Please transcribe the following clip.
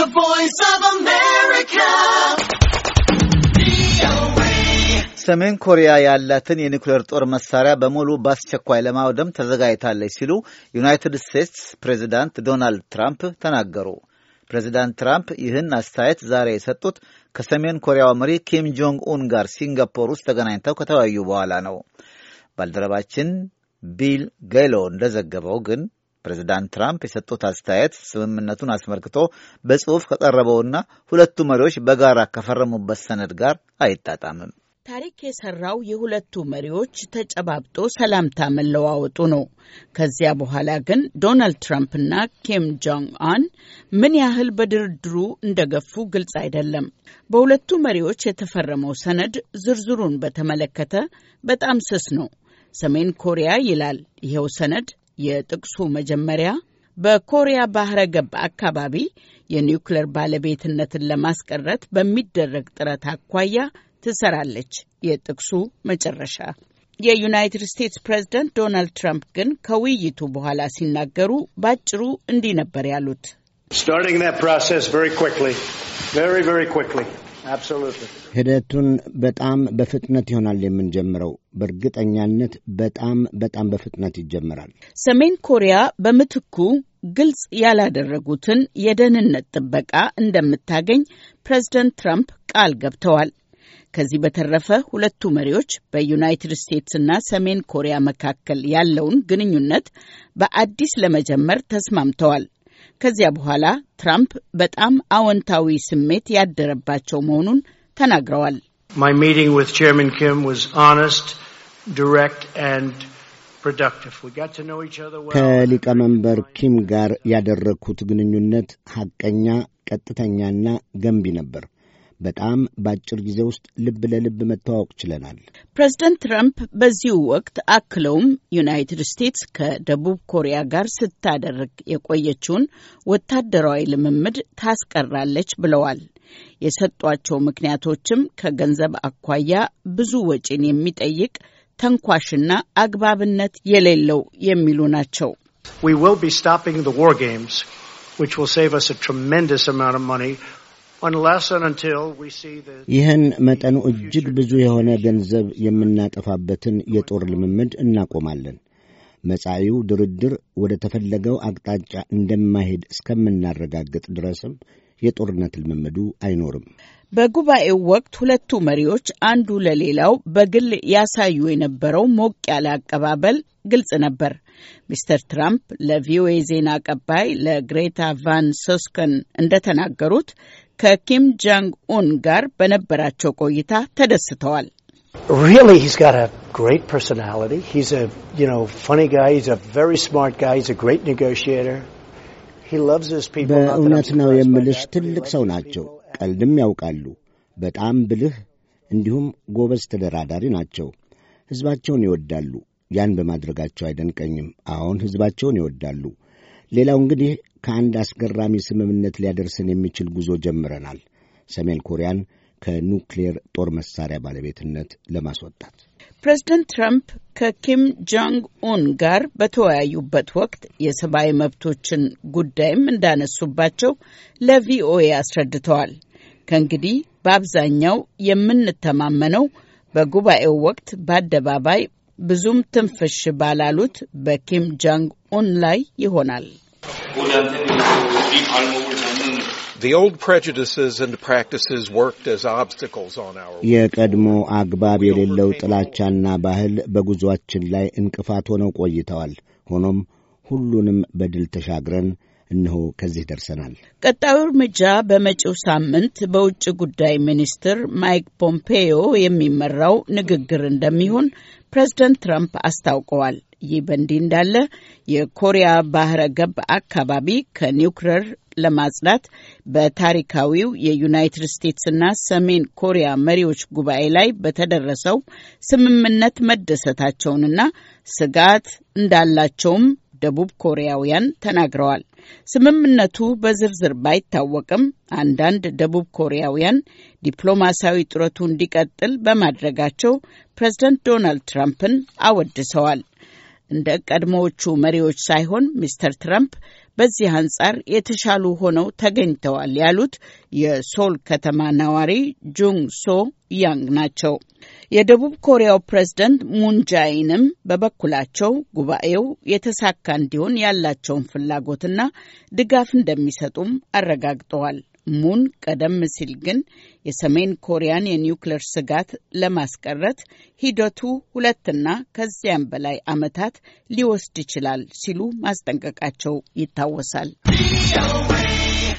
The Voice of America. ሰሜን ኮሪያ ያላትን የኒኩሌር ጦር መሳሪያ በሙሉ በአስቸኳይ ለማውደም ተዘጋጅታለች ሲሉ ዩናይትድ ስቴትስ ፕሬዚዳንት ዶናልድ ትራምፕ ተናገሩ። ፕሬዚዳንት ትራምፕ ይህን አስተያየት ዛሬ የሰጡት ከሰሜን ኮሪያው መሪ ኪም ጆንግ ኡን ጋር ሲንጋፖር ውስጥ ተገናኝተው ከተወያዩ በኋላ ነው። ባልደረባችን ቢል ጌሎ እንደዘገበው ግን ፕሬዚዳንት ትራምፕ የሰጡት አስተያየት ስምምነቱን አስመልክቶ በጽሑፍ ከቀረበውና ሁለቱ መሪዎች በጋራ ከፈረሙበት ሰነድ ጋር አይጣጣምም። ታሪክ የሰራው የሁለቱ መሪዎች ተጨባብጦ ሰላምታ መለዋወጡ ነው። ከዚያ በኋላ ግን ዶናልድ ትራምፕና ኪም ጆንግ አን ምን ያህል በድርድሩ እንደገፉ ግልጽ አይደለም። በሁለቱ መሪዎች የተፈረመው ሰነድ ዝርዝሩን በተመለከተ በጣም ስስ ነው። ሰሜን ኮሪያ ይላል ይኸው ሰነድ የጥቅሱ መጀመሪያ በኮሪያ ባህረ ገብ አካባቢ የኒውክሌር ባለቤትነትን ለማስቀረት በሚደረግ ጥረት አኳያ ትሰራለች። የጥቅሱ መጨረሻ የዩናይትድ ስቴትስ ፕሬዝደንት ዶናልድ ትራምፕ ግን ከውይይቱ በኋላ ሲናገሩ ባጭሩ እንዲህ ነበር ያሉት። ሂደቱን በጣም በፍጥነት ይሆናል የምንጀምረው። በእርግጠኛነት በጣም በጣም በፍጥነት ይጀምራል። ሰሜን ኮሪያ በምትኩ ግልጽ ያላደረጉትን የደህንነት ጥበቃ እንደምታገኝ ፕሬዝደንት ትራምፕ ቃል ገብተዋል። ከዚህ በተረፈ ሁለቱ መሪዎች በዩናይትድ ስቴትስና ሰሜን ኮሪያ መካከል ያለውን ግንኙነት በአዲስ ለመጀመር ተስማምተዋል። ከዚያ በኋላ ትራምፕ በጣም አዎንታዊ ስሜት ያደረባቸው መሆኑን ተናግረዋል። ከሊቀመንበር ኪም ጋር ያደረግኩት ግንኙነት ሐቀኛ፣ ቀጥተኛና ገንቢ ነበር። በጣም በአጭር ጊዜ ውስጥ ልብ ለልብ መተዋወቅ ችለናል። ፕሬዝደንት ትራምፕ በዚሁ ወቅት አክለውም ዩናይትድ ስቴትስ ከደቡብ ኮሪያ ጋር ስታደርግ የቆየችውን ወታደራዊ ልምምድ ታስቀራለች ብለዋል። የሰጧቸው ምክንያቶችም ከገንዘብ አኳያ ብዙ ወጪን የሚጠይቅ ተንኳሽና አግባብነት የሌለው የሚሉ ናቸው። We will be stopping the war games, which will save us a tremendous amount of money ይህን መጠኑ እጅግ ብዙ የሆነ ገንዘብ የምናጠፋበትን የጦር ልምምድ እናቆማለን። መጻኢው ድርድር ወደ ተፈለገው አቅጣጫ እንደማይሄድ እስከምናረጋግጥ ድረስም የጦርነት ልምምዱ አይኖርም። በጉባኤው ወቅት ሁለቱ መሪዎች አንዱ ለሌላው በግል ያሳዩ የነበረው ሞቅ ያለ አቀባበል ግልጽ ነበር። ሚስተር ትራምፕ ለቪኦኤ ዜና አቀባይ ለግሬታ ቫን ሶስከን እንደተናገሩት ከኪም ጃንግ ኡን ጋር በነበራቸው ቆይታ ተደስተዋል። በእውነት ነው የምልሽ፣ ትልቅ ሰው ናቸው። ቀልድም ያውቃሉ። በጣም ብልህ እንዲሁም ጎበዝ ተደራዳሪ ናቸው። ሕዝባቸውን ይወዳሉ። ያን በማድረጋቸው አይደንቀኝም። አሁን ሕዝባቸውን ይወዳሉ። ሌላው እንግዲህ ከአንድ አስገራሚ ስምምነት ሊያደርሰን የሚችል ጉዞ ጀምረናል። ሰሜን ኮሪያን ከኑክሌር ጦር መሳሪያ ባለቤትነት ለማስወጣት ፕሬዝደንት ትራምፕ ከኪም ጆንግ ኡን ጋር በተወያዩበት ወቅት የሰብአዊ መብቶችን ጉዳይም እንዳነሱባቸው ለቪኦኤ አስረድተዋል። ከእንግዲህ በአብዛኛው የምንተማመነው በጉባኤው ወቅት በአደባባይ ብዙም ትንፍሽ ባላሉት በኪም ጆንግ ኡን ላይ ይሆናል። የቀድሞ አግባብ የሌለው ጥላቻና ባህል በጉዞአችን ላይ እንቅፋት ሆነው ቆይተዋል። ሆኖም ሁሉንም በድል ተሻግረን እነሆ ከዚህ ደርሰናል። ቀጣዩ እርምጃ በመጪው ሳምንት በውጭ ጉዳይ ሚኒስትር ማይክ ፖምፔዮ የሚመራው ንግግር እንደሚሆን ፕሬዚደንት ትራምፕ አስታውቀዋል። ይህ በእንዲህ እንዳለ የኮሪያ ባህረ ገብ አካባቢ ከኒውክለር ለማጽዳት በታሪካዊው የዩናይትድ ስቴትስና ሰሜን ኮሪያ መሪዎች ጉባኤ ላይ በተደረሰው ስምምነት መደሰታቸውንና ስጋት እንዳላቸውም ደቡብ ኮሪያውያን ተናግረዋል። ስምምነቱ በዝርዝር ባይታወቅም አንዳንድ ደቡብ ኮሪያውያን ዲፕሎማሲያዊ ጥረቱ እንዲቀጥል በማድረጋቸው ፕሬዝደንት ዶናልድ ትራምፕን አወድሰዋል። እንደ ቀድሞዎቹ መሪዎች ሳይሆን ሚስተር ትራምፕ በዚህ አንጻር የተሻሉ ሆነው ተገኝተዋል ያሉት የሶል ከተማ ነዋሪ ጁንግ ሶ ያንግ ናቸው። የደቡብ ኮሪያው ፕሬዝደንት ሙንጃይንም በበኩላቸው ጉባኤው የተሳካ እንዲሆን ያላቸውን ፍላጎትና ድጋፍ እንደሚሰጡም አረጋግጠዋል። ሙን ቀደም ሲል ግን የሰሜን ኮሪያን የኒውክሌር ስጋት ለማስቀረት ሂደቱ ሁለትና ከዚያም በላይ ዓመታት ሊወስድ ይችላል ሲሉ ማስጠንቀቃቸው ይታወሳል።